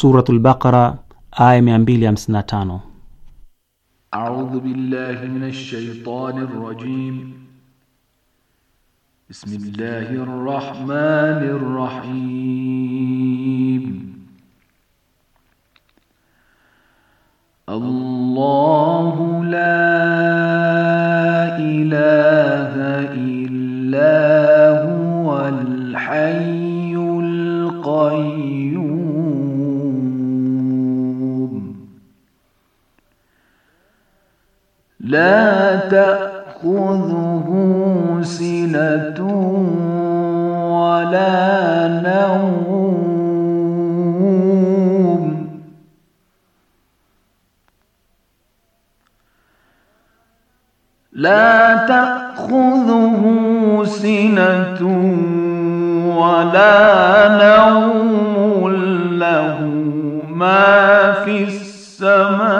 Suratul Baqara aya 255. A'udhu billahi minash shaitani rajim. Bismillahir rahmanir rahim لا تأخذه سنة ولا نوم لا تأخذه سنة ولا نوم له ما في السماء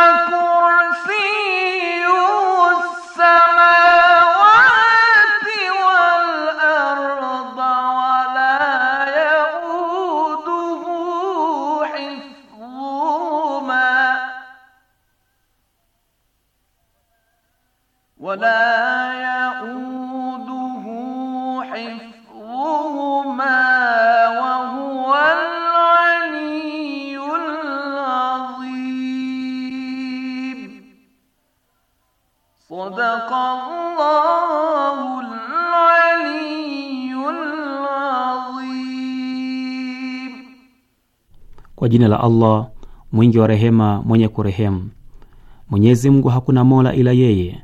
wala yauduhu hifdhuhuma wa huwa al-aliyyul azim. Sadaqallahu al-aliyyul azim. Kwa jina la Allah mwingi wa rehema mwenye kurehemu. Mwenyezi Mungu hakuna mola ila yeye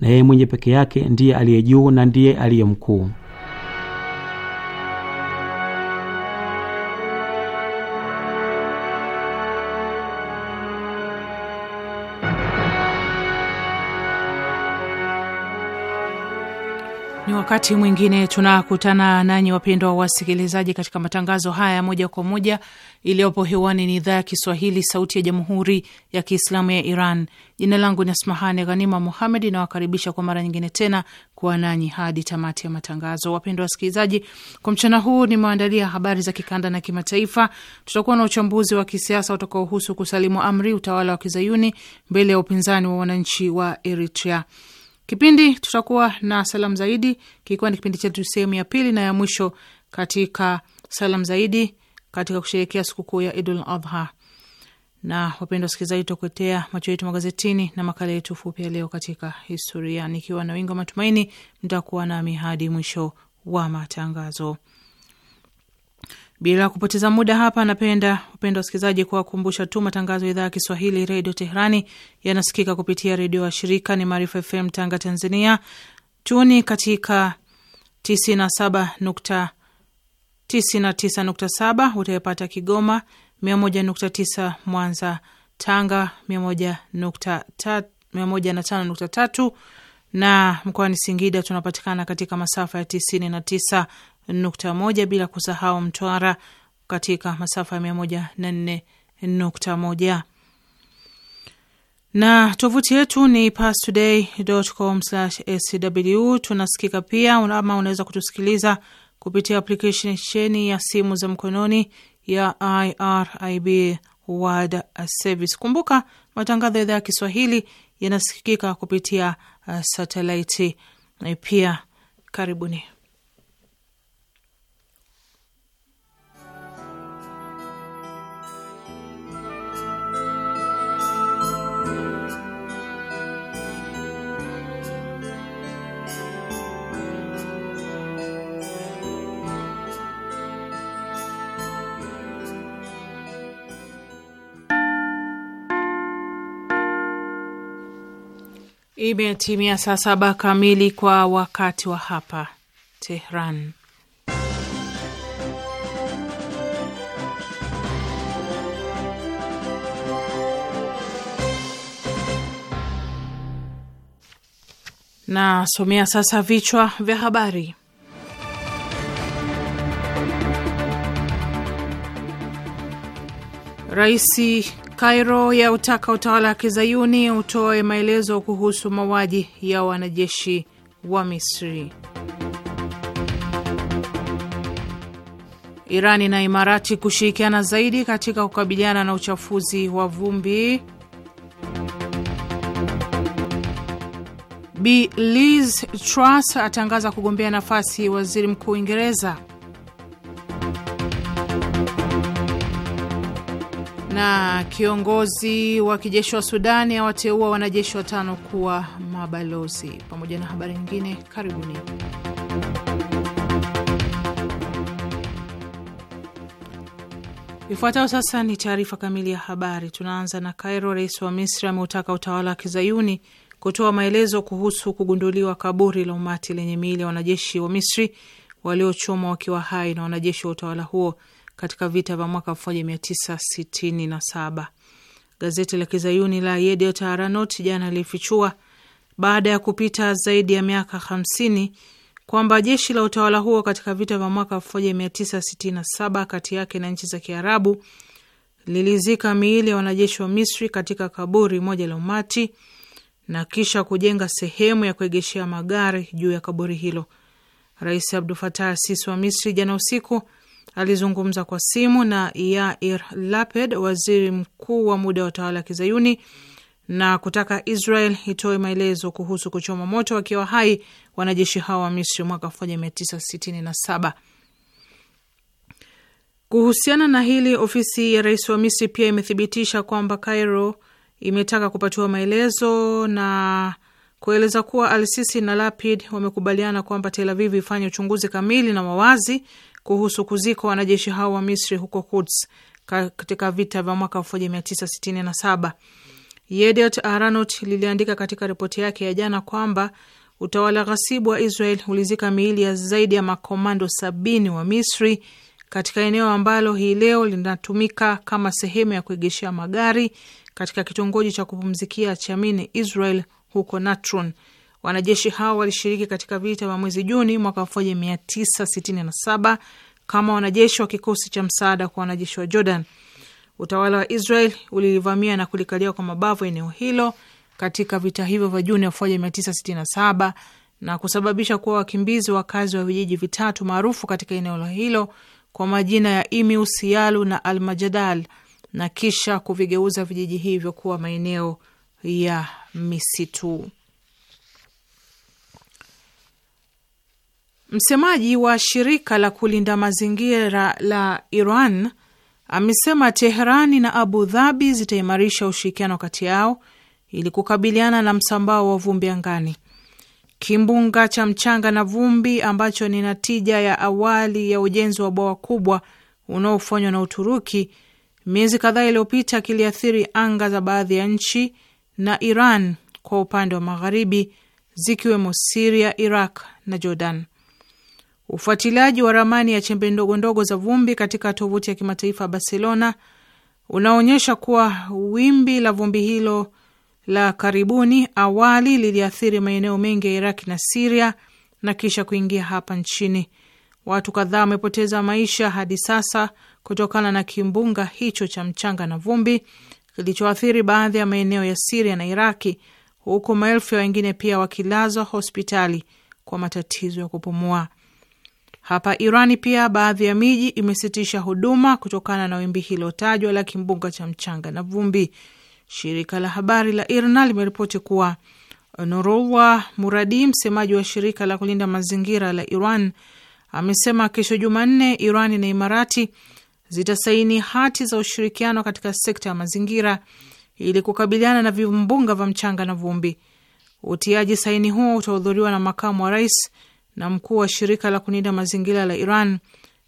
na yeye mwenye peke yake ndiye aliye juu na ndiye aliye mkuu. wakati mwingine tunakutana nanyi wapendwa wasikilizaji, katika matangazo haya moja kwa moja iliyopo hewani. Ni idhaa ya Kiswahili, sauti ya jamhuri ya kiislamu ya Iran. Jina langu ni Asmahani Ghanima Muhamed, nawakaribisha kwa mara nyingine tena kuwa nanyi hadi tamati ya matangazo. Wapendwa wasikilizaji, kwa mchana huu nimewaandalia habari za kikanda na kimataifa. Tutakuwa na uchambuzi wa kisiasa utakaohusu kusalimu amri utawala wa kizayuni mbele ya upinzani wa wananchi wa Eritrea. Kipindi tutakuwa na salamu zaidi, kikiwa ni kipindi chetu sehemu ya pili na ya mwisho katika salamu zaidi katika kusherekea sikukuu ya Idul Adha. Na wapendwa wasikilizaji, tutakuletea macho yetu magazetini na makala yetu fupi ya leo katika historia, nikiwa na wingi wa matumaini mtakuwa nami hadi mwisho wa matangazo. Bila kupoteza muda hapa, napenda upendo wasikilizaji, kuwakumbusha tu matangazo ya idhaa ya Kiswahili redio Teherani yanasikika kupitia redio wa shirika ni Maarifa FM Tanga, Tanzania. Tuni katika 97 99.7 utayapata Kigoma, 101.9 Mwanza, Tanga 105.3 na mkoani Singida tunapatikana katika masafa ya 99 nukta moja, bila kusahau Mtwara katika masafa ya mia moja na nne nukta moja na tovuti yetu ni pastoday.com/sw. Tunasikika pia ama unaweza kutusikiliza kupitia aplikesheni ya simu za mkononi ya IRIB World Service. Kumbuka matangazo ya idhaa ya Kiswahili yanasikika kupitia uh, satelaiti pia. Karibuni. Imetimia saa saba kamili kwa wakati wa hapa Tehran. Nasomea sasa vichwa vya habari. Raisi Kairo ya utaka utawala wa kizayuni utoe maelezo kuhusu mauaji ya wanajeshi wa Misri. Irani na Imarati kushirikiana zaidi katika kukabiliana na uchafuzi wa vumbi. Bi Liz Truss atangaza kugombea nafasi waziri mkuu Uingereza. Na kiongozi wa kijeshi wa Sudani awateua wanajeshi watano kuwa mabalozi, pamoja na habari nyingine. Karibuni. Ifuatayo sasa ni taarifa kamili ya habari. Tunaanza na Kairo. Rais wa Misri ameutaka utawala wa kizayuni kutoa maelezo kuhusu kugunduliwa kaburi la umati lenye miili ya wanajeshi wa Misri waliochomwa wakiwa hai na wanajeshi wa utawala huo katika vita vya mwaka 1967. Gazeti la kizayuni la Yediot Aharonot jana lilifichua baada ya kupita zaidi ya miaka 50 kwamba jeshi la utawala huo katika vita vya mwaka 1967 kati yake na nchi za Kiarabu lilizika miili ya wanajeshi wa Misri katika kaburi moja la umati na kisha kujenga sehemu ya kuegeshea magari juu ya kaburi hilo. Rais Abdul Fatah Sisi wa Misri jana usiku alizungumza kwa simu na Yair Lapid, waziri mkuu wa muda wa utawala wa kizayuni na kutaka Israel itoe maelezo kuhusu kuchoma moto wakiwa hai wanajeshi hao wa Misri mwaka 1967. Kuhusiana na hili, ofisi ya rais wa Misri pia imethibitisha kwamba Cairo imetaka kupatiwa maelezo na kueleza kuwa Alsisi na Lapid wamekubaliana kwamba Tel Aviv ifanye uchunguzi kamili na wawazi kuhusu kuzikwa wanajeshi hao wa Misri huko Kuds katika vita vya mwaka 1967. Yediot Aranot liliandika katika ripoti yake ya jana kwamba utawala ghasibu wa Israel ulizika miili ya zaidi ya makomando sabini wa Misri katika eneo ambalo hii leo linatumika kama sehemu ya kuegeshea magari katika kitongoji cha kupumzikia cha Mine Israel huko Natrun. Wanajeshi hao walishiriki katika vita vya mwezi Juni mwaka 1967 kama wanajeshi wa kikosi cha msaada kwa wanajeshi wa Jordan. Utawala wa Israel ulilivamia na kulikalia kwa mabavu eneo hilo katika vita hivyo vya Juni 1967 na kusababisha kuwa wakimbizi wakazi wa vijiji vitatu maarufu katika eneo hilo kwa majina ya Imiu, Sialu na Almajadal na kisha kuvigeuza vijiji hivyo kuwa maeneo ya misitu. Msemaji wa shirika la kulinda mazingira la Iran amesema Teherani na Abu Dhabi zitaimarisha ushirikiano kati yao ili kukabiliana na msambao wa vumbi angani. Kimbunga cha mchanga na vumbi ambacho ni natija ya awali ya ujenzi wa bwawa kubwa unaofanywa na Uturuki miezi kadhaa iliyopita kiliathiri anga za baadhi ya nchi na Iran kwa upande wa magharibi zikiwemo Siria, Iraq na Jordan. Ufuatiliaji wa ramani ya chembe ndogo ndogo za vumbi katika tovuti ya kimataifa ya Barcelona unaonyesha kuwa wimbi la vumbi hilo la karibuni awali liliathiri maeneo mengi ya Iraq na Siria na kisha kuingia hapa nchini. Watu kadhaa wamepoteza maisha hadi sasa kutokana na kimbunga hicho cha mchanga na vumbi kilichoathiri baadhi ya maeneo ya Siria na Iraki, huku maelfu ya wengine pia wakilazwa hospitali kwa matatizo ya kupumua. Hapa Irani pia baadhi ya miji imesitisha huduma kutokana na wimbi hilo tajwa la kimbunga cha mchanga na vumbi. Shirika la habari la IRNA limeripoti kuwa Norowa Muradi, msemaji wa shirika la kulinda mazingira la Iran, amesema kesho Jumanne Iran na Imarati zitasaini hati za ushirikiano katika sekta ya mazingira ili kukabiliana na vimbunga vya mchanga na vumbi. Utiaji saini huo utahudhuriwa na makamu wa rais na mkuu wa shirika la kulinda mazingira la Iran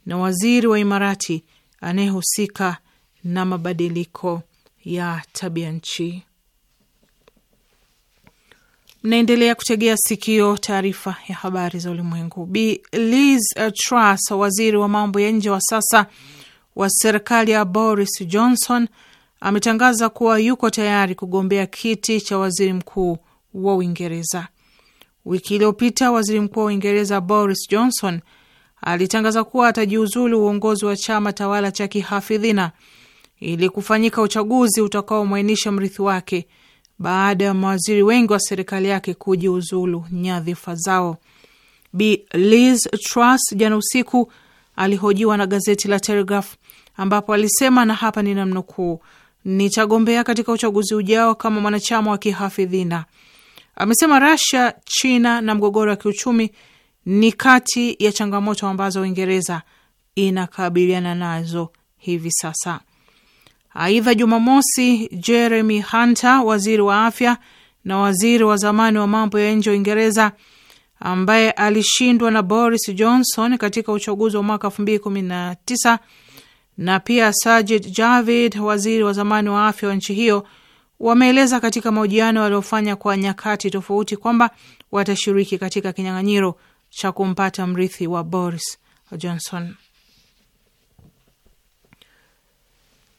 na waziri wa Imarati anayehusika na mabadiliko ya tabia nchi. Mnaendelea kutegea sikio taarifa ya habari za ulimwengu. Bi Liz Truss, waziri wa mambo ya nje wa sasa wa serikali ya Boris Johnson ametangaza kuwa yuko tayari kugombea kiti cha waziri mkuu wa Uingereza. Wiki iliyopita waziri mkuu wa Uingereza Boris Johnson alitangaza kuwa atajiuzulu uongozi wa chama tawala cha kihafidhina ili kufanyika uchaguzi utakaomwainisha mrithi wake baada ya mawaziri wengi wa serikali yake kujiuzulu nyadhifa zao. Bi Liz Truss jana usiku alihojiwa na gazeti la Telegraph ambapo alisema na hapa ni namnukuu nitagombea katika uchaguzi ujao kama mwanachama wa kihafidhina. Amesema Rasia, China na mgogoro wa kiuchumi ni kati ya changamoto ambazo Uingereza inakabiliana nazo hivi sasa. Aidha, Jumamosi, Jeremy Hunter, waziri wa afya na waziri wa zamani wa mambo ya nje wa Uingereza ambaye alishindwa na Boris Johnson katika uchaguzi wa mwaka 2019 na pia Sajid Javid, waziri wa zamani wa afya wa nchi hiyo, wameeleza katika mahojiano waliofanya kwa nyakati tofauti kwamba watashiriki katika kinyang'anyiro cha kumpata mrithi wa Boris Johnson.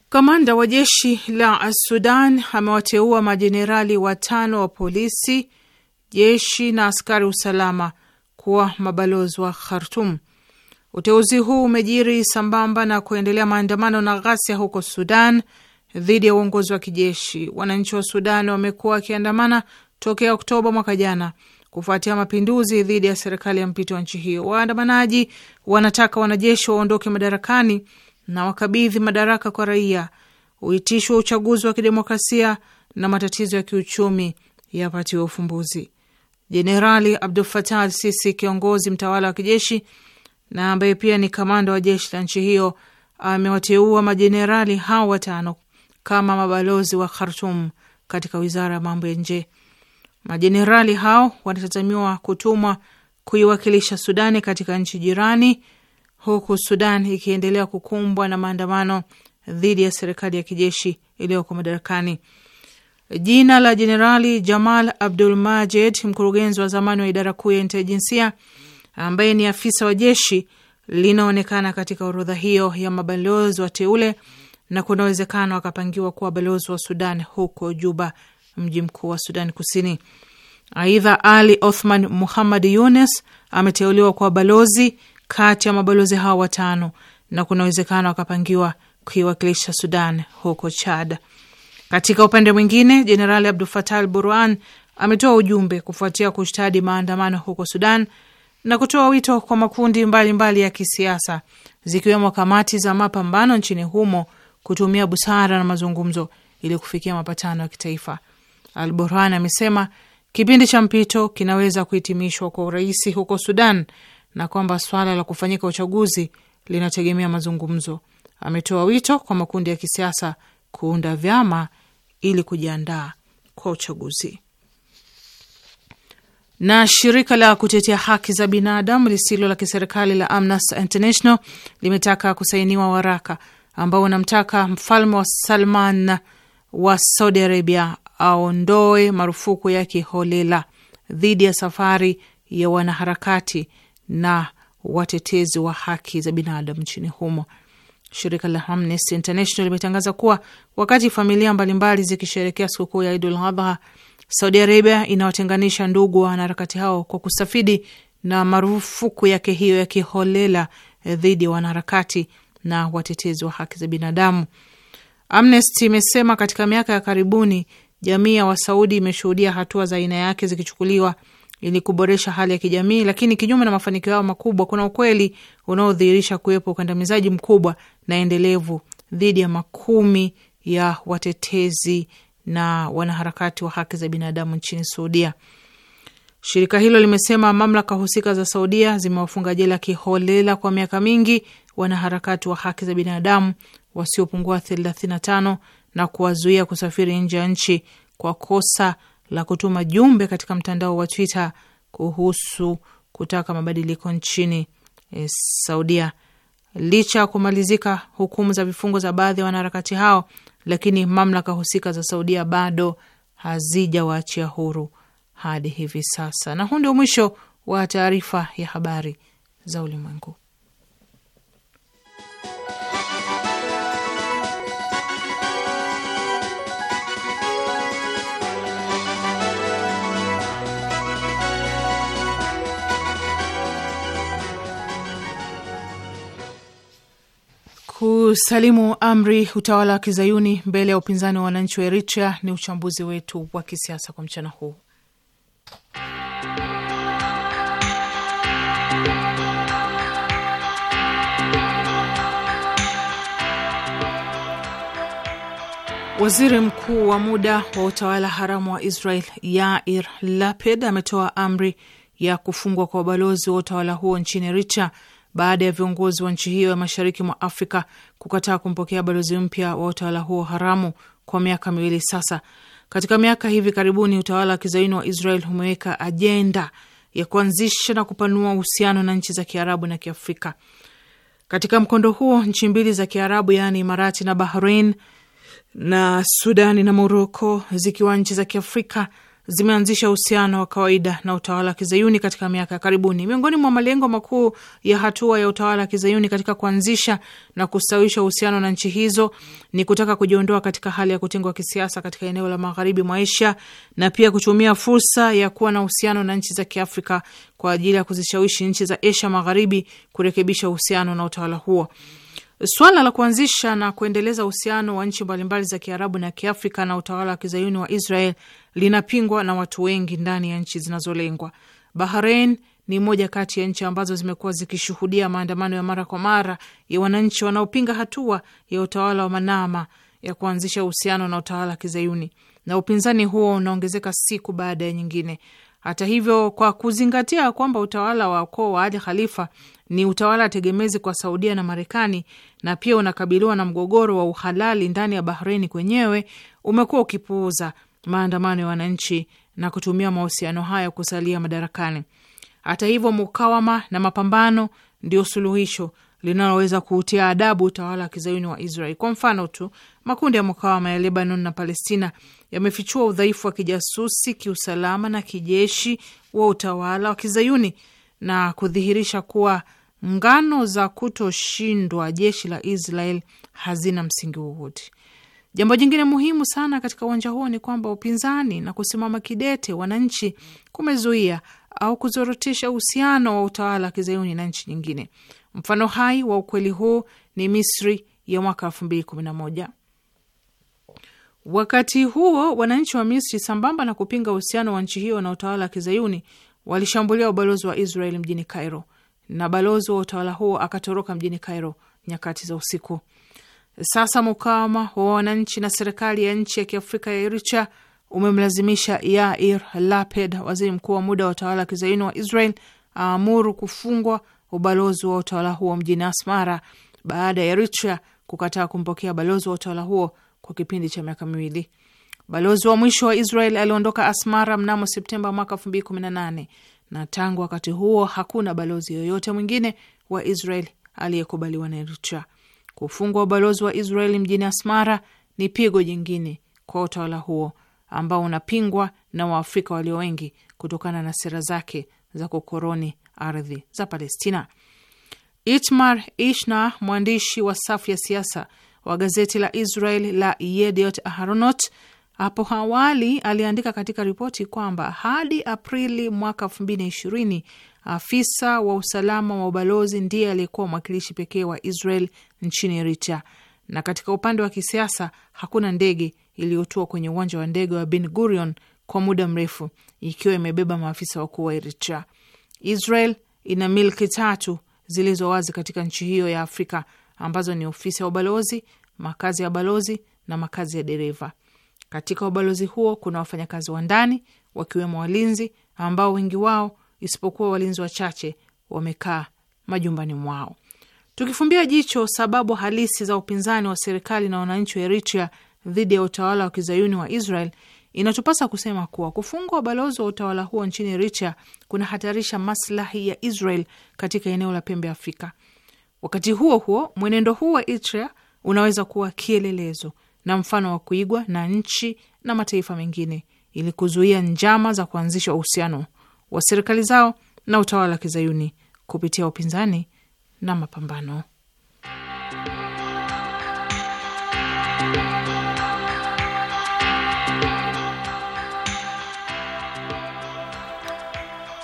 Kamanda wa jeshi la Sudan amewateua majenerali watano wa polisi, jeshi na askari usalama kuwa mabalozi wa Khartum Uteuzi huu umejiri sambamba na kuendelea maandamano na ghasia huko Sudan dhidi ya uongozi wa kijeshi. Wananchi wa Sudan wamekuwa wakiandamana tokea Oktoba mwaka jana kufuatia mapinduzi dhidi ya serikali ya mpito wa nchi hiyo. Waandamanaji wanataka wanajeshi waondoke madarakani na wakabidhi madaraka kwa raia, uitishwe uchaguzi wa kidemokrasia na matatizo ya kiuchumi yapatiwe ufumbuzi. Jenerali Abdul Fatah al Sisi, kiongozi mtawala wa kijeshi na ambaye pia ni kamanda wa jeshi la nchi hiyo amewateua majenerali hao watano kama mabalozi wa Khartum katika wizara ya mambo ya nje. Majenerali hao wanatazamiwa kutumwa kuiwakilisha Sudani katika nchi jirani, huku Sudan ikiendelea kukumbwa na maandamano dhidi ya serikali ya kijeshi iliyoko madarakani. Jina la Jenerali Jamal Abdul Majid, mkurugenzi wa zamani wa idara kuu ya intelijensia ambaye ni afisa wa jeshi linaonekana katika orodha hiyo ya mabalozi wa teule na kuna uwezekano akapangiwa kuwa balozi wa Sudan huko Juba, mji mkuu wa Sudan Kusini. Aidha, Ali Othman Muhammad Yunes ameteuliwa kuwa balozi kati ya mabalozi hao watano na kuna uwezekano akapangiwa kuiwakilisha Sudan huko Chad. Katika upande mwingine, Jenerali Abdul Fatah al Burhan ametoa ujumbe kufuatia kushtadi maandamano huko Sudan na kutoa wito kwa makundi mbalimbali mbali ya kisiasa zikiwemo kamati za mapambano nchini humo kutumia busara na mazungumzo ili kufikia mapatano ya kitaifa. Al Burhan amesema kipindi cha mpito kinaweza kuhitimishwa kwa urahisi huko Sudan na kwamba swala la kufanyika uchaguzi linategemea mazungumzo. Ametoa wito kwa makundi ya kisiasa kuunda vyama ili kujiandaa kwa uchaguzi. Na shirika la kutetea haki za binadamu lisilo la kiserikali la Amnesty International limetaka kusainiwa waraka ambao wanamtaka mfalme wa Salman wa Saudi Arabia aondoe marufuku ya kiholela dhidi ya safari ya wanaharakati na watetezi wa haki za binadamu nchini humo. Shirika la Amnesty International limetangaza kuwa wakati familia mbalimbali zikisherekea sikukuu ya Idul Adha, Saudi Arabia inawatenganisha ndugu wa wanaharakati hao kwa kusafidi na marufuku yake hiyo ya kiholela eh, dhidi ya wanaharakati na watetezi wa haki za binadamu. Amnesty imesema katika miaka ya karibuni jamii ya Wasaudi imeshuhudia hatua za aina yake zikichukuliwa ili kuboresha hali ya kijamii, lakini kinyume na mafanikio yao makubwa, kuna ukweli unaodhihirisha kuwepo ukandamizaji mkubwa na endelevu dhidi ya makumi ya watetezi na wanaharakati wa haki za binadamu nchini Saudia. Shirika hilo limesema mamlaka husika za Saudia zimewafunga jela kiholela kwa miaka mingi wanaharakati wa haki za binadamu wasiopungua 35 na kuwazuia kusafiri nje ya nchi kwa kosa la kutuma jumbe katika mtandao wa Twitter kuhusu kutaka mabadiliko nchini e, Saudia. Licha ya kumalizika hukumu za vifungo za baadhi ya wanaharakati hao, lakini mamlaka husika za Saudia bado hazijawaachia huru hadi hivi sasa. Na huu ndio mwisho wa taarifa ya habari za ulimwengu. Kusalimu amri utawala wa kizayuni mbele ya upinzani wa wananchi wa Eritrea ni uchambuzi wetu wa kisiasa kwa mchana huu. Waziri mkuu wa muda wa utawala haramu wa Israel Yair Lapid ametoa amri ya kufungwa kwa ubalozi wa utawala huo nchini Eritrea baada ya viongozi wa nchi hiyo ya mashariki mwa Afrika kukataa kumpokea balozi mpya wa utawala huo haramu kwa miaka miwili sasa. Katika miaka hivi karibuni, utawala wa kizaini wa Israel umeweka ajenda ya kuanzisha na kupanua uhusiano na nchi za Kiarabu na Kiafrika. Katika mkondo huo, nchi mbili za Kiarabu yaani Imarati na Bahrain na Sudani na Moroko zikiwa nchi za Kiafrika zimeanzisha uhusiano wa kawaida na utawala wa kizayuni katika miaka ya karibuni. Miongoni mwa malengo makuu ya hatua ya utawala wa kizayuni katika kuanzisha na kustawisha uhusiano na nchi hizo ni kutaka kujiondoa katika hali ya kutengwa kisiasa katika eneo la magharibi mwa Asia na pia kutumia fursa ya kuwa na uhusiano na nchi za Kiafrika kwa ajili ya kuzishawishi nchi za Asia magharibi kurekebisha uhusiano na utawala huo. Swala la kuanzisha na kuendeleza uhusiano wa nchi mbalimbali za Kiarabu na Kiafrika na utawala wa kizayuni wa Israel linapingwa na watu wengi ndani ya nchi zinazolengwa. Bahrain ni moja kati ya nchi ambazo zimekuwa zikishuhudia maandamano ya mara kwa mara ya wananchi wanaopinga hatua ya utawala wa Manama ya kuanzisha uhusiano na utawala wa kizayuni, na upinzani huo unaongezeka siku baada ya nyingine. Hata hivyo, kwa kuzingatia kwamba utawala wa ukoo wa Ali Khalifa ni utawala tegemezi kwa Saudia na Marekani na pia unakabiliwa na mgogoro wa uhalali ndani ya Bahreini kwenyewe, umekuwa ukipuuza maandamano ya wananchi na kutumia mahusiano hayo kusalia madarakani. Hata hivyo, mukawama na mapambano ndio suluhisho linaloweza kuutia adabu utawala wa kizayuni wa Israel. Kwa mfano tu, makundi ya mukawama ya Lebanon na Palestina yamefichua udhaifu wa kijasusi, kiusalama na kijeshi wa utawala wa kizayuni na kudhihirisha kuwa ngano za kutoshindwa jeshi la Israel hazina msingi wowote. Jambo jingine muhimu sana katika uwanja huo ni kwamba upinzani na kusimama kidete wananchi kumezuia au kuzorotesha uhusiano wa utawala wa kizayuni na nchi nyingine. Mfano hai wa ukweli huu ni Misri ya mwaka elfu mbili kumi na moja. Wakati huo wananchi wa Misri, sambamba na kupinga uhusiano wa nchi hiyo na utawala wa kizayuni, walishambulia ubalozi wa Israel mjini Cairo na balozi wa utawala huo akatoroka mjini Cairo nyakati za usiku. Sasa mukawama wa wananchi na serikali ya nchi ya kiafrika ya Eritrea umemlazimisha Yair Lapid, waziri mkuu wa muda wa utawala wa kizayuni wa Israel, aamuru kufungwa ubalozi wa utawala huo mjini Asmara baada ya Eritrea kukataa kumpokea balozi wa utawala huo kwa kipindi cha miaka miwili. Balozi wa mwisho wa Israel aliondoka Asmara mnamo Septemba mwaka 2018 na tangu wakati huo hakuna balozi yoyote mwingine wa Israel aliyekubaliwa na Eritrea. Kufungwa ubalozi wa Israel mjini Asmara ni pigo jingine kwa utawala huo ambao unapingwa na Waafrika walio wengi kutokana na sera zake za kukoroni ardhi za Palestina. Itmar Ishna, mwandishi wa safu ya siasa wa gazeti la Israel la Yediot Aharonot hapo awali aliandika katika ripoti kwamba hadi Aprili mwaka elfu mbili na ishirini afisa wa usalama wa ubalozi ndiye aliyekuwa mwakilishi pekee wa Israel nchini Eritrea, na katika upande wa kisiasa hakuna ndege iliyotua kwenye uwanja wa ndege wa Ben Gurion kwa muda mrefu ikiwa imebeba maafisa wakuu wa Eritrea. Israel ina milki tatu zilizo wazi katika nchi hiyo ya Afrika ambazo ni ofisi ya ubalozi, makazi ya balozi na makazi ya dereva. Katika ubalozi huo kuna wafanyakazi wa ndani wakiwemo walinzi ambao wengi wao isipokuwa walinzi wachache wamekaa majumbani mwao. Tukifumbia jicho sababu halisi za upinzani wa serikali na wananchi wa Eritrea dhidi ya utawala wa kizayuni wa Israel, inatupasa kusema kuwa kufungwa balozi wa utawala huo nchini Eritrea kunahatarisha maslahi ya Israel katika eneo la pembe Afrika. Wakati huo huo, mwenendo huu wa Eritrea unaweza kuwa kielelezo na mfano wa kuigwa na nchi na mataifa mengine ili kuzuia njama za kuanzisha uhusiano wa serikali zao na utawala wa kizayuni kupitia upinzani na mapambano.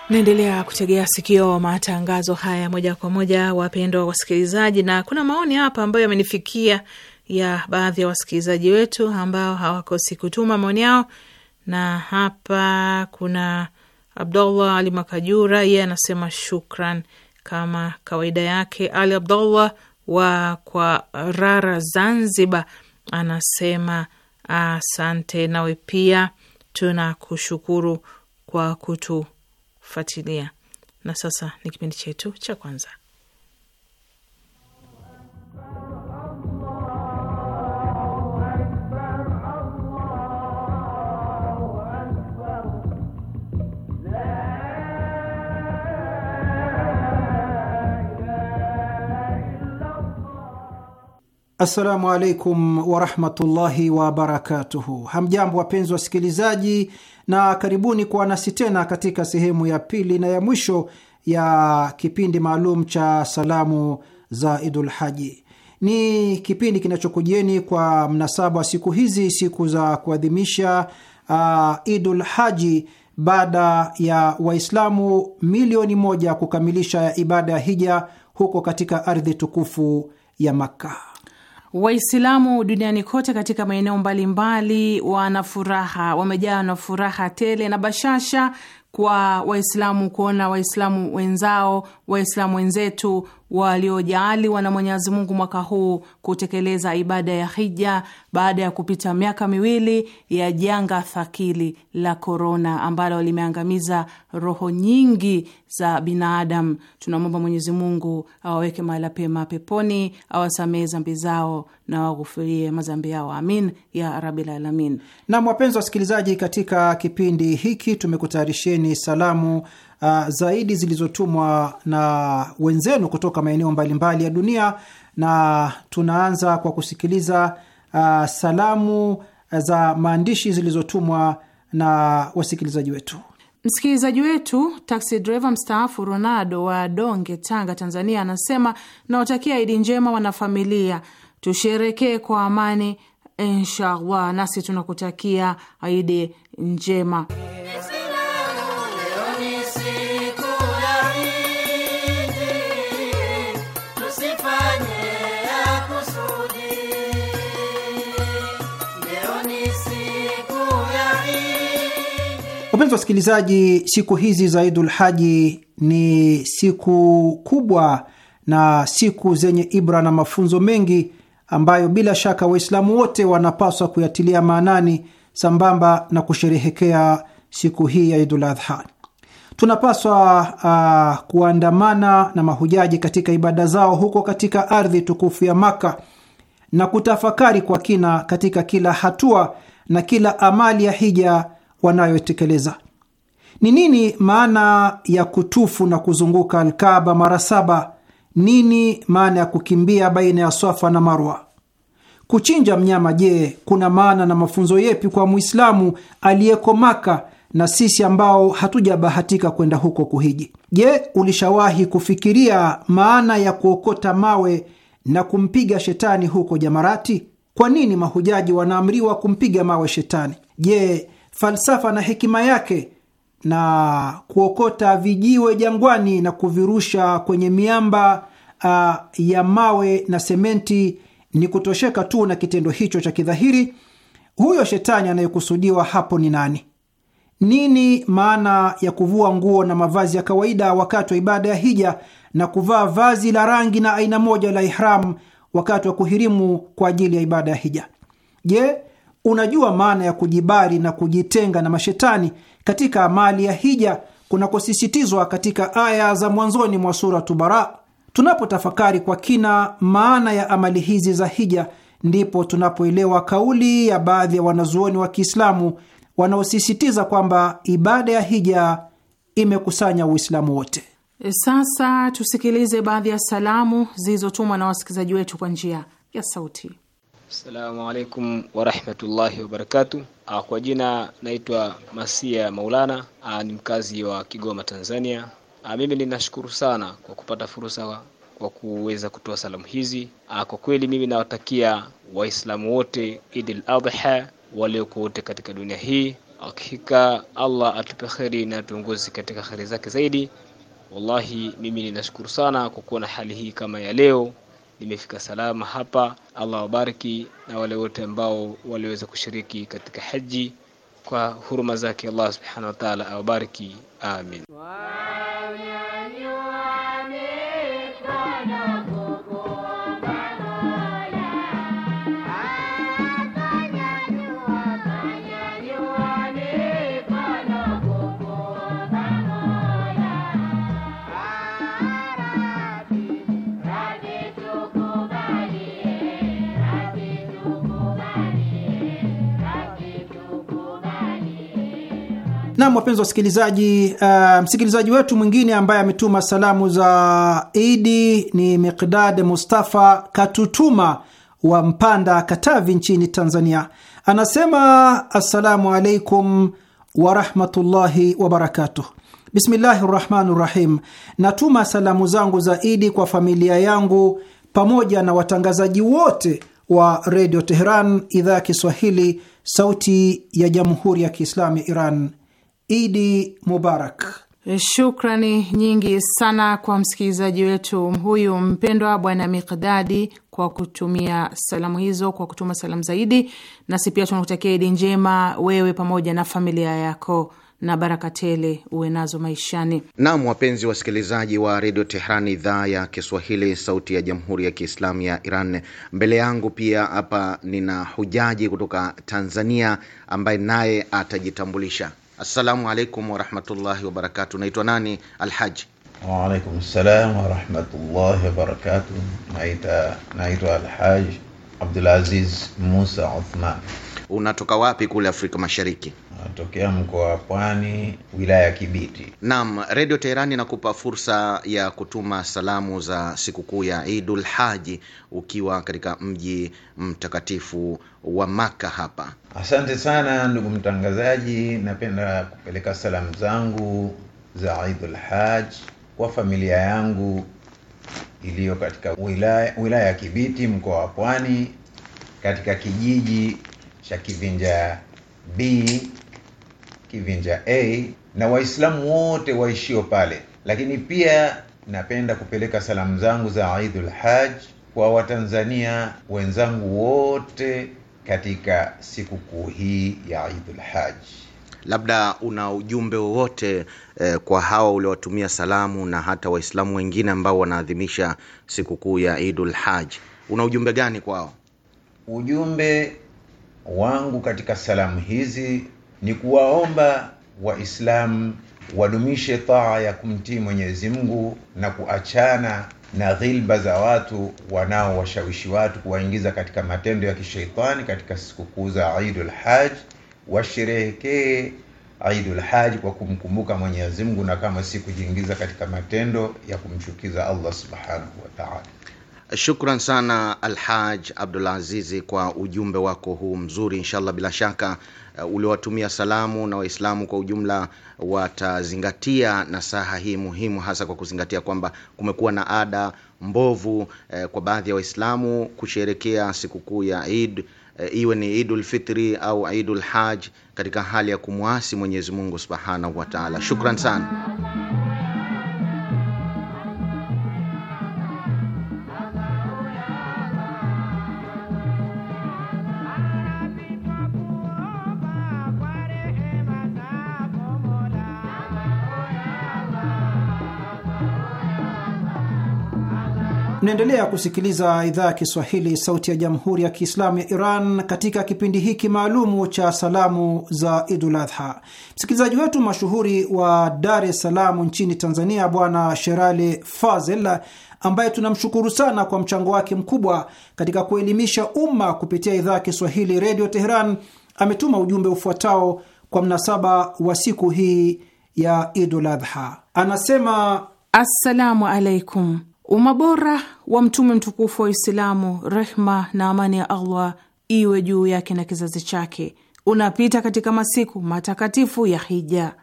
Naendelea kutegea sikio matangazo haya moja kwa moja, wapendwa wasikilizaji, na kuna maoni hapa ambayo yamenifikia ya baadhi ya wasikilizaji wetu ambao hawakosi kutuma maoni yao, na hapa kuna Abdullah Ali Makajura, yeye anasema shukran kama kawaida yake. Ali Abdullah wa kwa Rara, Zanzibar, anasema asante. Nawe pia tunakushukuru kwa kutu kufuatilia. Na sasa ni kipindi chetu cha kwanza Assalamu alaikum warahmatullahi wabarakatuhu. Hamjambo wapenzi wasikilizaji, na karibuni kuwa nasi tena katika sehemu ya pili na ya mwisho ya kipindi maalum cha salamu za Idul Haji. Ni kipindi kinachokujieni kwa mnasaba wa siku hizi, siku za kuadhimisha uh, Idul Haji baada ya Waislamu milioni moja kukamilisha ibada ya hija huko katika ardhi tukufu ya Makka. Waislamu duniani kote katika maeneo mbalimbali wana furaha, wamejaa na furaha tele na bashasha kwa Waislamu kuona Waislamu wenzao Waislamu wenzetu waliojaaliwa na Mwenyezi Mungu mwaka huu kutekeleza ibada ya hija baada ya kupita miaka miwili ya janga thakili la korona ambalo limeangamiza roho nyingi za binadamu. Tunamwomba Mwenyezi Mungu awaweke mahala pema peponi, awasamehe zambi zao na awaghufirie mazambi yao, amin ya rabbil alamin. Nam, wapenzi wasikilizaji, katika kipindi hiki tumekutayarisheni salamu uh, zaidi zilizotumwa na wenzenu kutoka maeneo mbalimbali ya dunia, na tunaanza kwa kusikiliza uh, salamu za maandishi zilizotumwa na wasikilizaji wetu. Msikilizaji wetu taksi dreva mstaafu Ronaldo wa Donge, Tanga, Tanzania, anasema nawatakia Idi njema wanafamilia, tusherekee kwa amani inshallah. Nasi tunakutakia Idi njema. hivyo, wasikilizaji, siku hizi za Idul Haji ni siku kubwa na siku zenye ibra na mafunzo mengi ambayo bila shaka Waislamu wote wanapaswa kuyatilia maanani sambamba na kusherehekea siku hii ya Idul Adha. Tunapaswa uh, kuandamana na mahujaji katika ibada zao huko katika ardhi tukufu ya Maka na kutafakari kwa kina katika kila hatua na kila amali ya hija wanayotekeleza. Ni nini maana ya kutufu na kuzunguka Alkaba mara saba? Nini maana ya kukimbia baina ya Swafa na Marwa? Kuchinja mnyama, je, kuna maana na mafunzo yepi kwa Muislamu aliyeko Maka na sisi ambao hatujabahatika kwenda huko kuhiji? Je, ulishawahi kufikiria maana ya kuokota mawe na kumpiga shetani huko Jamarati? Kwa nini mahujaji wanaamriwa kumpiga mawe shetani? Je, falsafa na hekima yake na kuokota vijiwe jangwani na kuvirusha kwenye miamba uh, ya mawe na sementi ni kutosheka tu na kitendo hicho cha kidhahiri. Huyo shetani anayekusudiwa hapo ni nani? Nini maana ya kuvua nguo na mavazi ya kawaida wakati wa ibada ya hija na kuvaa vazi la rangi na aina moja la ihram wakati wa kuhirimu kwa ajili ya ibada ya hija? Je, unajua maana ya kujibari na kujitenga na mashetani katika amali ya hija kunakosisitizwa katika aya za mwanzoni mwa Suratu Bara. Tunapotafakari kwa kina maana ya amali hizi za hija, ndipo tunapoelewa kauli ya baadhi ya wanazuoni wa Kiislamu wanaosisitiza kwamba ibada ya hija imekusanya Uislamu wote. E, sasa tusikilize baadhi ya salamu zilizotumwa na wasikilizaji wetu kwa njia ya sauti. Assalamu rahmatullahi warahmatullahi wabarakatu. Ah, kwa jina naitwa Masia Maulana, ah, ni mkazi wa Kigoma, Tanzania. Ah, mimi ninashukuru sana kwa kupata fursa kwa kuweza kutoa salamu hizi. Kwa kweli mimi nawatakia Waislamu wote al Adha walioko wote katika dunia hii. Hakika Allah atupe kheri na tuongozi katika kheri zake zaidi. Wallahi mimi ninashukuru sana kwa kuona hali hii kama ya leo nimefika salama hapa. Allah wabariki na wale wote ambao waliweza kushiriki katika haji kwa huruma zake Allah subhanahu wa ta'ala awabariki, amin. Nam, wapenzi wasikilizaji, uh, msikilizaji wetu mwingine ambaye ametuma salamu za Idi ni Miqdad Mustafa Katutuma wa Mpanda, Katavi nchini Tanzania. Anasema assalamu alaikum warahmatullahi wabarakatuh. Bismillahi rahmani rahim. Natuma salamu zangu za Idi kwa familia yangu pamoja na watangazaji wote wa Redio Teheran, idhaa ya Kiswahili, sauti ya jamhuri ya kiislamu ya Iran. Idi Mubarak. Shukrani nyingi sana kwa msikilizaji wetu huyu mpendwa Bwana Mikdadi kwa kutumia salamu hizo, kwa kutuma salamu zaidi. Nasi pia tunakutakia Idi njema wewe pamoja na familia yako na baraka tele uwe nazo maishani. Naam, wapenzi wasikilizaji wa redio Tehran, idhaa ya Kiswahili, sauti ya jamhuri ya kiislamu ya Iran. Mbele yangu pia hapa nina hujaji kutoka Tanzania ambaye naye atajitambulisha. Assalamu alaikum warahmatullahi wabarakatu. Naitwa nani? Alhaji. Waalaikum salam warahmatullahi wabarakatu. Naita naitwa Alhaji Abdulaziz Musa Uthman. Unatoka wapi kule Afrika Mashariki? natokea mkoa wa Pwani, wilaya ya Kibiti. Naam, Redio Teherani inakupa fursa ya kutuma salamu za sikukuu ya Idul Haji ukiwa katika mji mtakatifu wa Maka hapa. Asante sana ndugu mtangazaji, napenda kupeleka salamu zangu za Idul haj kwa familia yangu iliyo katika wilaya, wilaya ya Kibiti mkoa wa Pwani katika kijiji cha Kivinja B Kivinja A na Waislamu wote waishio pale, lakini pia napenda kupeleka salamu zangu za Eidul Hajj kwa Watanzania wenzangu wote katika sikukuu hii ya Eidul Hajj. Labda una ujumbe wowote eh, kwa hawa uliowatumia salamu na hata Waislamu wengine ambao wanaadhimisha sikukuu ya Eidul Hajj, una ujumbe gani kwao? Ujumbe wangu katika salamu hizi ni kuwaomba Waislamu wadumishe taa ya kumtii Mwenyezi Mungu na kuachana na dhilba za watu wanaowashawishi watu kuwaingiza katika matendo ya kisheitani katika sikukuu za Idul Hajj. Washerehekee Idul Hajj kwa kumkumbuka Mwenyezi Mungu na kama si kujiingiza katika matendo ya kumchukiza Allah Subhanahu wa Ta'ala. Shukran sana Alhaj Abdulazizi kwa ujumbe wako huu mzuri, inshallah bila shaka uh, uliowatumia salamu na Waislamu kwa ujumla watazingatia nasaha hii muhimu, hasa kwa kuzingatia kwamba kumekuwa na ada mbovu eh, kwa baadhi ya Waislamu kusherekea sikukuu ya Eid eh, iwe ni Idul Fitri au Idul Haj katika hali ya kumwasi Mwenyezi Mungu Subhanahu wa Ta'ala. Shukran sana. Mnaendelea kusikiliza idhaa ya Kiswahili, sauti ya jamhuri ya kiislamu ya Iran katika kipindi hiki maalumu cha salamu za Idul Adha. Msikilizaji wetu mashuhuri wa Dar es Salaam nchini Tanzania, Bwana Sherali Fazel, ambaye tunamshukuru sana kwa mchango wake mkubwa katika kuelimisha umma kupitia idhaa ya Kiswahili Redio Teheran, ametuma ujumbe ufuatao kwa mnasaba wa siku hii ya Idul Adha. Anasema, assalamu alaikum Umma bora wa mtume mtukufu wa Uislamu, rehma na amani ya Allah iwe juu yake na kizazi chake, unapita katika masiku matakatifu ya hija,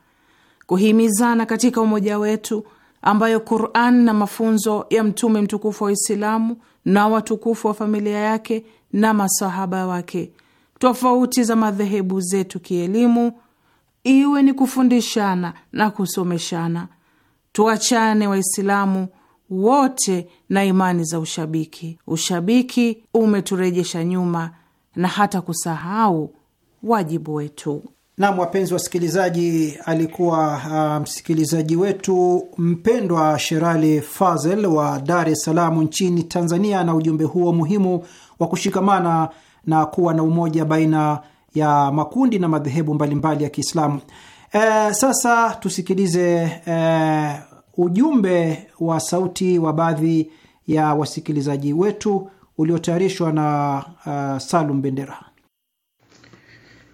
kuhimizana katika umoja wetu, ambayo Quran na mafunzo ya mtume mtukufu wa Uislamu na watukufu wa familia yake na masahaba wake, tofauti za madhehebu zetu kielimu, iwe ni kufundishana na kusomeshana. Tuachane Waislamu wote na imani za ushabiki. Ushabiki umeturejesha nyuma na hata kusahau wajibu wetu. Nam, wapenzi wasikilizaji, alikuwa uh, msikilizaji wetu mpendwa Sherali Fazel wa Dar es Salaam nchini Tanzania, na ujumbe huo muhimu wa kushikamana na kuwa na umoja baina ya makundi na madhehebu mbalimbali ya Kiislamu. Eh, sasa tusikilize eh, ujumbe wa sauti wa baadhi ya wasikilizaji wetu uliotayarishwa na uh, Salum Bendera.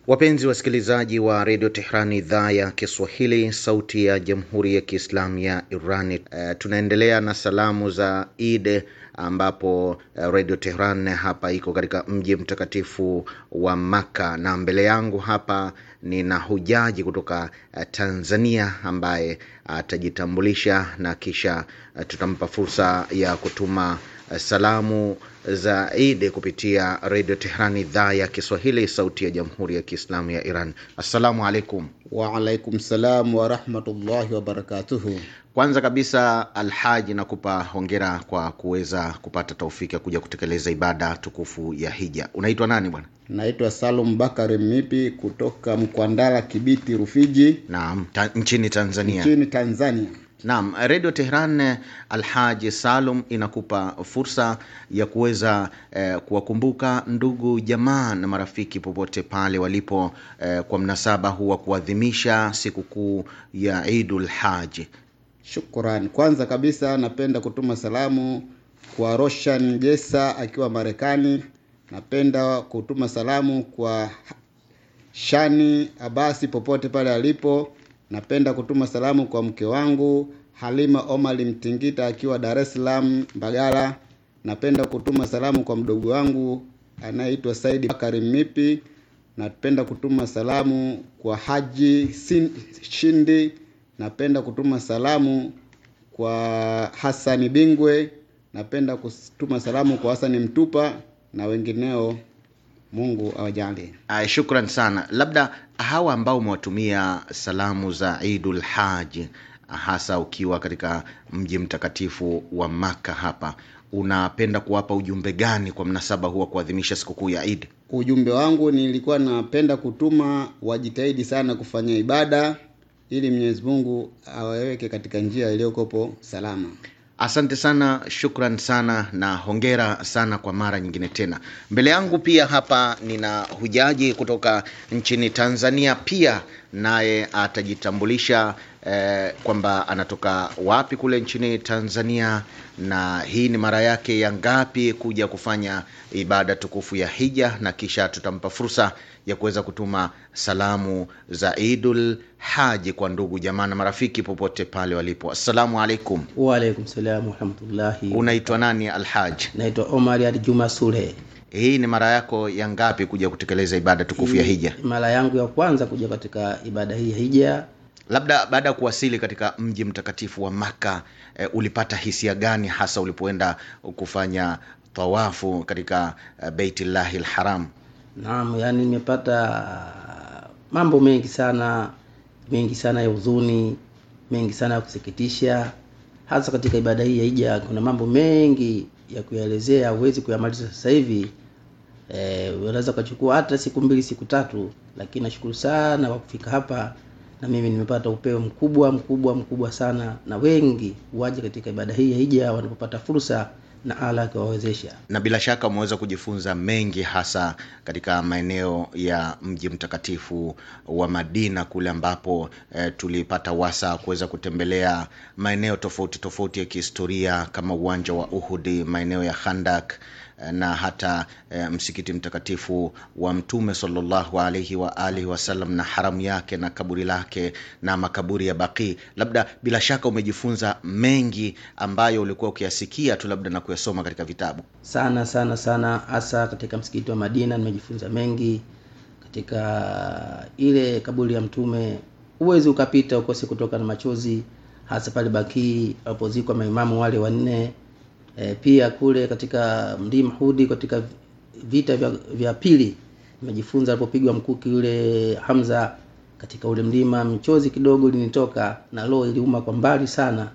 Wapenzi wasikilizaji wa redio Tehran, idhaa ya Kiswahili, sauti ya jamhuri ya kiislamu ya Iran. Uh, tunaendelea na salamu za Id ambapo uh, redio Tehran hapa iko katika mji mtakatifu wa Makka na mbele yangu hapa nina hujaji kutoka eh, Tanzania ambaye atajitambulisha na kisha eh, tutampa fursa ya kutuma eh, salamu za Idi kupitia Redio Tehran, idhaa ya Kiswahili, sauti ya Jamhuri ya Kiislamu ya Iran. Assalamu alaikum. Waalaikum salam warahmatullahi wabarakatuhu. Kwanza kabisa Alhaji, nakupa hongera kwa kuweza kupata taufiki ya kuja kutekeleza ibada tukufu ya hija. Unaitwa nani bwana? Naitwa Salum Bakari Mipi kutoka Mkwandala, Kibiti, Rufiji. Naam, ta, nchini Tanzania. Nchini Tanzania. Naam, Redio Tehran Alhaji Salum inakupa fursa ya kuweza eh, kuwakumbuka ndugu jamaa na marafiki popote pale walipo eh, kwa mnasaba huu wa kuadhimisha sikukuu ya Idul Haji. Shukrani. Kwanza kabisa napenda kutuma salamu kwa Roshan Jesa akiwa Marekani. Napenda kutuma salamu kwa Shani Abasi popote pale alipo. Napenda kutuma salamu kwa mke wangu Halima Omar Mtingita akiwa Dar es Salaam Mbagala. Napenda kutuma salamu kwa mdogo wangu anayeitwa Saidi Bakari Mipi. Napenda kutuma salamu kwa Haji Shindi Napenda kutuma salamu kwa Hassan Bingwe, napenda kutuma salamu kwa Hassan Mtupa na wengineo. Mungu awajalie. Shukran sana. Labda hawa ambao umewatumia salamu za Idul Haji, hasa ukiwa katika mji mtakatifu wa Maka hapa, unapenda kuwapa ujumbe gani kwa mnasaba huu wa kuadhimisha sikukuu ya Idi? Ujumbe wangu nilikuwa napenda kutuma wajitahidi sana kufanya ibada ili Mwenyezi Mungu awaweke katika njia iliyokopo salama. Asante sana, shukran sana na hongera sana kwa mara nyingine tena. Mbele yangu pia hapa nina hujaji kutoka nchini Tanzania, pia naye atajitambulisha eh, kwamba anatoka wapi kule nchini Tanzania, na hii ni mara yake ya ngapi kuja kufanya ibada tukufu ya hija, na kisha tutampa fursa ya kuweza kutuma salamu za Idul Haji kwa ndugu jamaa na marafiki popote pale walipo. Assalamu alaikum. Wa alaikum salaam wa rahmatullahi. Unaitwa nani Alhaj? Naitwa Omar Ali Juma Sule. Hii ni mara yako ya ngapi kuja kutekeleza ibada tukufu ya hija? Mara yangu ya kwanza kuja katika ibada hii ya hija Labda baada ya kuwasili katika mji mtakatifu wa Maka, e, eh, ulipata hisia gani hasa ulipoenda kufanya tawafu katika e, eh, Beitillahi lharam? Naam, yani nimepata mambo mengi sana mengi sana ya huzuni, mengi sana ya kusikitisha. Hasa katika ibada hii ya ija kuna mambo mengi ya kuyaelezea, huwezi kuyamaliza sasa hivi. Eh, unaweza E, ukachukua hata siku mbili siku tatu, lakini nashukuru sana kwa kufika hapa na mimi nimepata upeo mkubwa mkubwa mkubwa sana, na wengi waje katika ibada hii ya hija wanapopata fursa na ala akiwawezesha. Na bila shaka umeweza kujifunza mengi, hasa katika maeneo ya mji mtakatifu wa Madina kule ambapo e, tulipata wasa kuweza kutembelea maeneo tofauti tofauti ya kihistoria kama uwanja wa Uhudi, maeneo ya Khandak na hata e, msikiti mtakatifu wa Mtume sallallahu alaihi wa alihi wasallam na haramu yake na kaburi lake na makaburi ya Baqi. Labda bila shaka umejifunza mengi ambayo ulikuwa ukiyasikia tu labda na kuyasoma katika vitabu. Sana sana sana, hasa katika msikiti wa Madina nimejifunza mengi katika ile kaburi ya Mtume huwezi ukapita ukose kutoka na machozi, hasa pale Bakii alipozikwa maimamu wale wanne e, pia kule katika mlima Hudi katika vita vya, vya pili nimejifunza alipopigwa mkuki yule Hamza katika ule mlima, michozi kidogo ilinitoka na roho iliuma kwa mbali sana.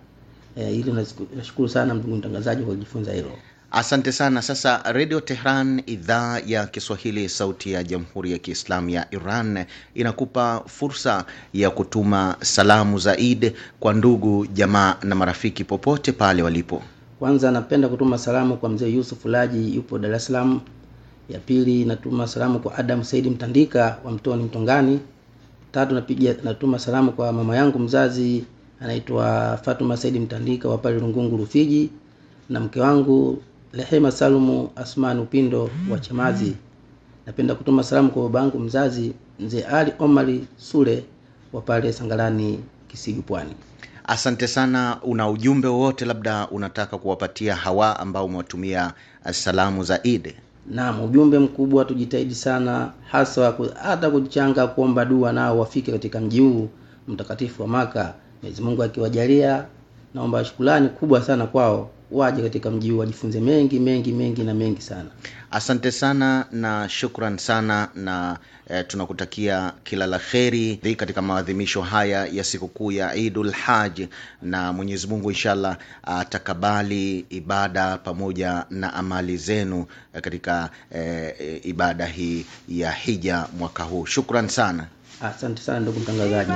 E, eh, ili nashukuru sana ndugu mtangazaji kwa kujifunza hilo. Asante sana. Sasa Redio Tehran idhaa ya Kiswahili, sauti ya Jamhuri ya Kiislamu ya Iran inakupa fursa ya kutuma salamu za Eid kwa ndugu, jamaa na marafiki popote pale walipo. Kwanza napenda kutuma salamu kwa mzee Yusuf Laji, yupo Dar es Salaam. Ya pili natuma salamu kwa Adam Saidi Mtandika wa Mtoni Mtongani. Tatu napiga natuma salamu kwa mama yangu mzazi anaitwa Fatuma Saidi Mtandika wa pale Rungungu Rufiji, na mke wangu Rehema Salumu Asman Upindo wa Chamazi. Napenda kutuma salamu kwa babangu mzazi mzee Ali Omari Sule wa pale Sangalani Kisigu Pwani. Asante sana. Una ujumbe wowote labda unataka kuwapatia hawa ambao umewatumia uh, salamu za Idi? Naam, ujumbe mkubwa, tujitahidi sana hasa hata kuchanga kuomba dua nao wafike katika mji huu mtakatifu wa Maka. Mwenyezi Mungu akiwajalia, naomba shukulani kubwa sana kwao waje katika mji huu wajifunze mengi mengi mengi na mengi sana. Asante sana na shukran sana na eh, tunakutakia kila la kheri katika maadhimisho haya ya sikukuu ya Idul Haj, na Mwenyezi Mungu inshallah atakabali ibada pamoja na amali zenu eh, katika eh, ibada hii ya hija mwaka huu. Shukran sana, asante sana ndugu mtangazaji.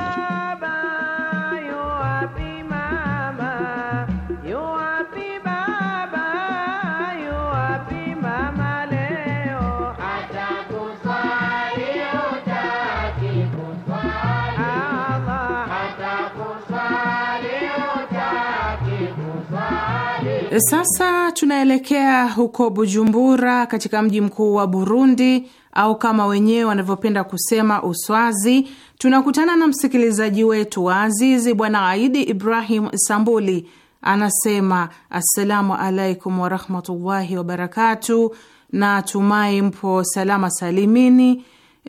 Sasa tunaelekea huko Bujumbura, katika mji mkuu wa Burundi au kama wenyewe wanavyopenda kusema Uswazi. Tunakutana na msikilizaji wetu wa azizi Bwana Aidi Ibrahim Sambuli, anasema assalamu alaikum warahmatullahi wabarakatu, na tumai mpo salama salimini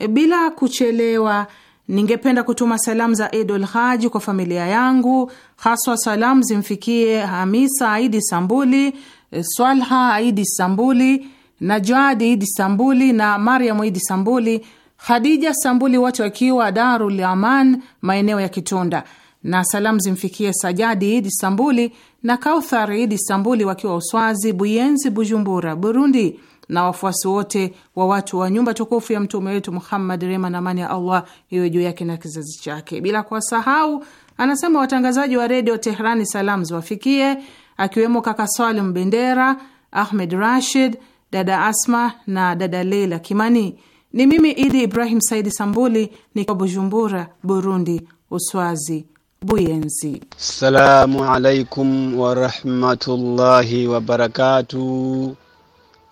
bila kuchelewa Ningependa kutuma salamu za Idul Haji kwa familia yangu, haswa salamu zimfikie Hamisa Aidi Sambuli, Swalha Aidi Sambuli na Joadi Idi Sambuli na Mariam Idi Sambuli, Khadija Sambuli, wote wakiwa Darul Aman maeneo ya Kitunda, na salamu zimfikie Sajadi Idi Sambuli na Kauthar Idi Sambuli wakiwa Uswazi Buyenzi, Bujumbura, Burundi na wafuasi wote wa watu wa nyumba tukufu ya mtume wetu Muhammad, rehma na amani ya Allah iwe juu yake na kizazi chake, bila kuwasahau. Anasema watangazaji wa redio Tehrani salam ziwafikie, akiwemo kaka Salim Bendera, Ahmed Rashid, dada Asma na dada Leila Kimani. Ni mimi Idi Ibrahim Saidi Sambuli nikiwa Bujumbura, Burundi, Uswazi Buyenzi. Salamu alaikum warahmatullahi wabarakatuh.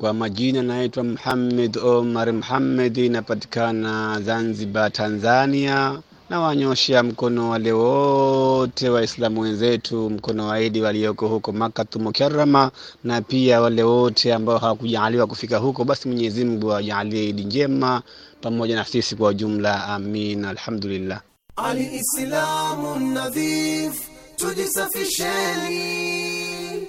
Kwa majina naitwa Muhammad Omar Muhammad, napatikana Zanzibar, Tanzania. Nawanyoshea mkono wale wote Waislamu wenzetu mkono wa Idi walioko huko Makatu Mukarrama, na pia wale wote ambao hawakujaliwa kufika huko, basi Mwenyezi Mungu awajalie Idi njema pamoja na sisi kwa jumla. Amin, alhamdulillah. Alislamu nadhif, tujisafisheni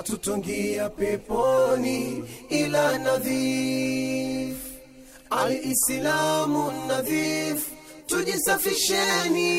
atutungia peponi ila nadhif alislamu nadhif tujisafisheni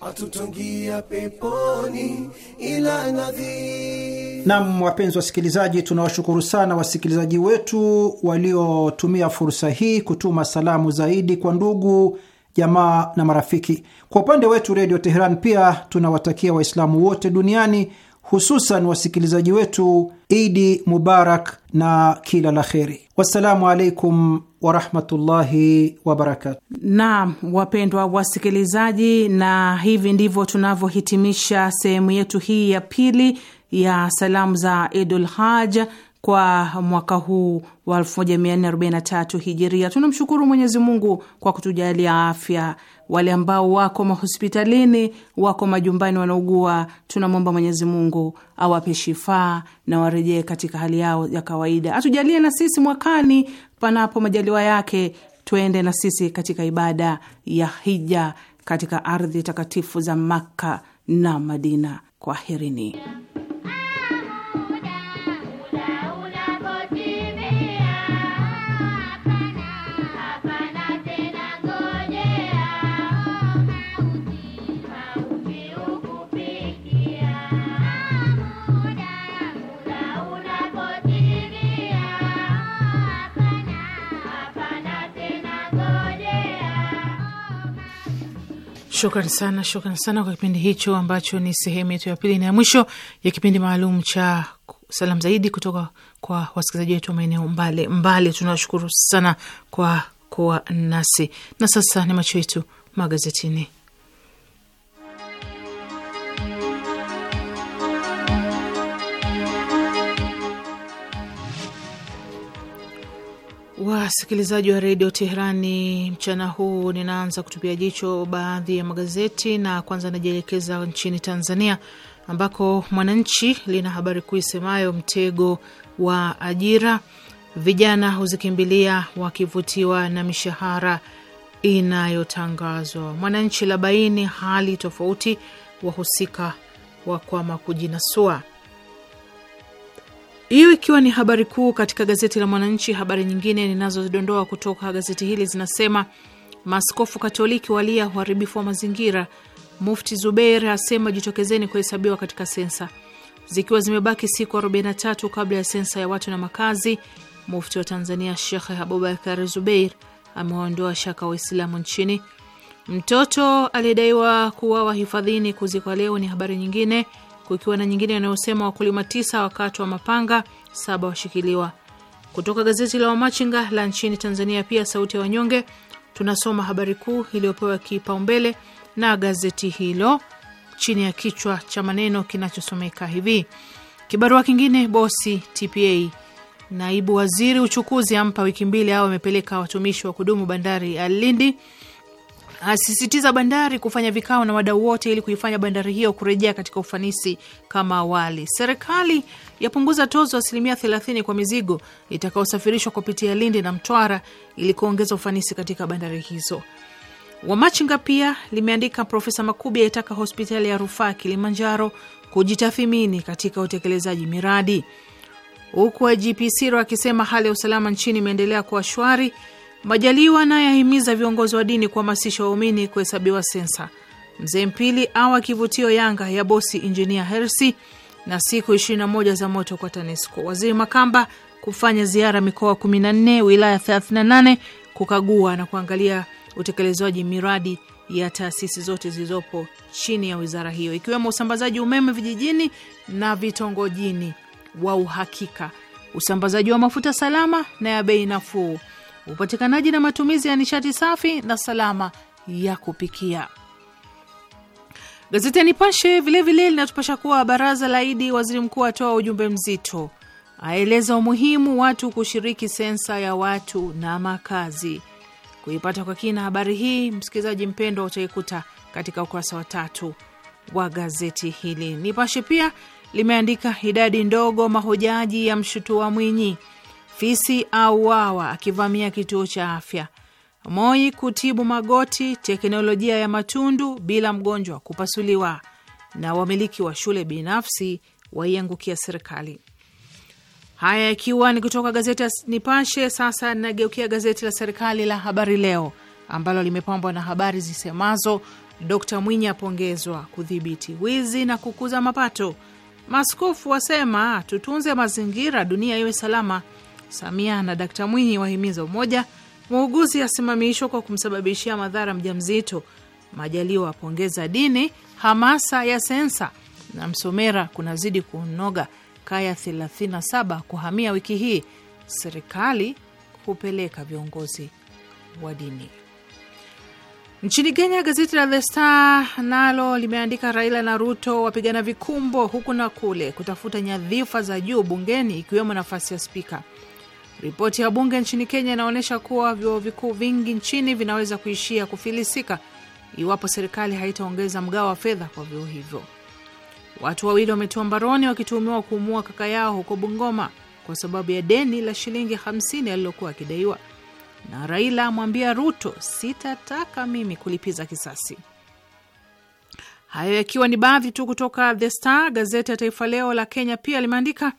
atutungia peponi ila nadhif. Nam, wapenzi wasikilizaji, tunawashukuru sana wasikilizaji wetu waliotumia fursa hii kutuma salamu zaidi kwa ndugu jamaa na marafiki. Kwa upande wetu, Redio Teheran pia tunawatakia Waislamu wote duniani hususan wasikilizaji wetu, Idi Mubarak na kila la kheri. Wassalamu alaikum warahmatullahi wabarakatu. Naam, wapendwa wasikilizaji, na hivi ndivyo tunavyohitimisha sehemu yetu hii ya pili ya salamu za Idul Haj kwa mwaka huu wa 1443 hijiria. Tunamshukuru Mwenyezi Mungu kwa kutujalia afya. Wale ambao wako mahospitalini, wako majumbani, wanaugua, tunamwomba Mwenyezi Mungu awape shifaa na warejee katika hali yao ya kawaida. Atujalie na sisi mwakani, panapo majaliwa yake, tuende na sisi katika ibada ya hija katika ardhi takatifu za Makka na Madina. Kwaherini. Shukran sana, shukran sana kwa kipindi hicho ambacho ni sehemu yetu ya pili na ya mwisho ya kipindi maalum cha salamu zaidi kutoka kwa wasikilizaji wetu wa maeneo mbali mbali. Tunawashukuru sana kwa kuwa nasi, na sasa ni macho yetu magazetini. Wasikilizaji wa redio Teherani, mchana huu ninaanza kutupia jicho baadhi ya magazeti, na kwanza najielekeza nchini Tanzania ambako Mwananchi lina habari kuu isemayo mtego wa ajira, vijana huzikimbilia wakivutiwa na mishahara inayotangazwa. Mwananchi labaini hali tofauti, wahusika wakwama kujinasua. Hiyo ikiwa ni habari kuu katika gazeti la Mwananchi. Habari nyingine ninazozidondoa kutoka gazeti hili zinasema: maskofu Katoliki walia uharibifu wa mazingira, Mufti Zubeir asema jitokezeni kuhesabiwa katika sensa. Zikiwa zimebaki siku 43 kabla ya sensa ya watu na makazi, mufti wa Tanzania Shekhe Abubakar Zubeir amewaondoa shaka Waislamu nchini. Mtoto aliyedaiwa kuwawa hifadhini kuzikwa leo ni habari nyingine kukiwa na nyingine inayosema wakulima tisa wa mapanga, saba washikiliwa. Kutoka gazeti la Wamachinga la nchini Tanzania, pia Sauti ya Wanyonge, tunasoma habari kuu iliyopewa kipaumbele na gazeti hilo chini ya kichwa cha maneno kinachosomeka hivi: kibarua kingine bosi TPA, naibu waziri uchukuzi ampa wiki mbili au amepeleka watumishi wa kudumu bandari ya Lindi asisitiza bandari kufanya vikao na wadau wote ili kuifanya bandari hiyo kurejea katika ufanisi kama awali. Serikali yapunguza tozo asilimia 30 kwa mizigo itakayosafirishwa kupitia Lindi na Mtwara ili kuongeza ufanisi katika bandari hizo. Wamachinga pia limeandika Profesa Makubi aitaka hospitali ya rufaa Kilimanjaro kujitathimini katika utekelezaji miradi, huku IGP Sirro akisema hali ya usalama nchini imeendelea kuwa shwari Majaliwa naye ahimiza viongozi wa dini kuhamasisha waumini kuhesabiwa sensa. Mzee Mpili awa kivutio Yanga ya bosi injinia Hersi na siku 21 za moto kwa TANESCO. Waziri Makamba kufanya ziara mikoa 14 wilaya 38 kukagua na kuangalia utekelezaji miradi ya taasisi zote zilizopo chini ya wizara hiyo ikiwemo usambazaji umeme vijijini na vitongojini wa uhakika, usambazaji wa mafuta salama na ya bei nafuu upatikanaji na matumizi ya nishati safi na salama ya kupikia. Gazeti ya Nipashe vilevile linatupasha kuwa baraza la Idi, waziri mkuu atoa ujumbe mzito, aeleza umuhimu watu kushiriki sensa ya watu na makazi. Kuipata kwa kina habari hii, msikilizaji mpendwa, utaikuta katika ukurasa wa tatu wa gazeti hili. Nipashe pia limeandika idadi ndogo mahojaji ya mshutua Mwinyi Fisi auawa akivamia kituo cha afya. Moi kutibu magoti, teknolojia ya matundu bila mgonjwa kupasuliwa. Na wamiliki wa shule binafsi waiangukia serikali. Haya ikiwa ni kutoka gazeti ya Nipashe. Sasa nageukia gazeti la serikali la Habari Leo ambalo limepambwa na habari zisemazo: Dkt Mwinyi apongezwa kudhibiti wizi na kukuza mapato, maskofu wasema tutunze mazingira, dunia iwe salama Samia na Dakta Mwinyi wahimiza umoja. Muuguzi asimamishwa kwa kumsababishia madhara mjamzito. Majaliwa apongeza dini. Hamasa ya sensa na Msomera kunazidi kunoga. Kaya 37 kuhamia wiki hii. Serikali hupeleka viongozi wa dini nchini Kenya. Gazeti la The Star nalo limeandika Raila na Ruto wapigana vikumbo huku na kule kutafuta nyadhifa za juu bungeni, ikiwemo nafasi ya spika. Ripoti ya bunge nchini Kenya inaonyesha kuwa vyuo vikuu vingi nchini vinaweza kuishia kufilisika iwapo serikali haitaongeza mgao wa fedha kwa vyuo hivyo. Watu wawili wametiwa mbaroni wakituhumiwa kuumua kaka yao huko Bungoma kwa sababu ya deni la shilingi 50 alilokuwa akidaiwa. Na Raila amwambia Ruto, sitataka mimi kulipiza kisasi. Hayo yakiwa ni baadhi tu kutoka The Star. Gazeti ya Taifa Leo la Kenya pia limeandika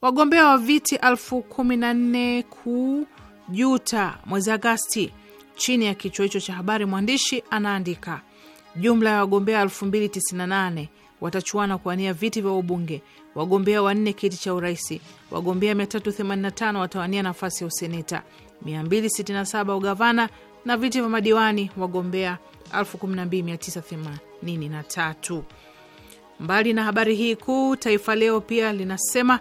Wagombea wa viti elfu kumi na nne kujuta mwezi Agasti. Chini ya kichwa hicho cha habari, mwandishi anaandika jumla ya wagombea 2098 watachuana kuwania viti vya ubunge, wagombea wanne kiti cha uraisi, wagombea 385 watawania nafasi ya useneta, 267 ugavana na viti vya madiwani, wagombea 12983. Mbali na habari hii kuu, Taifa Leo pia linasema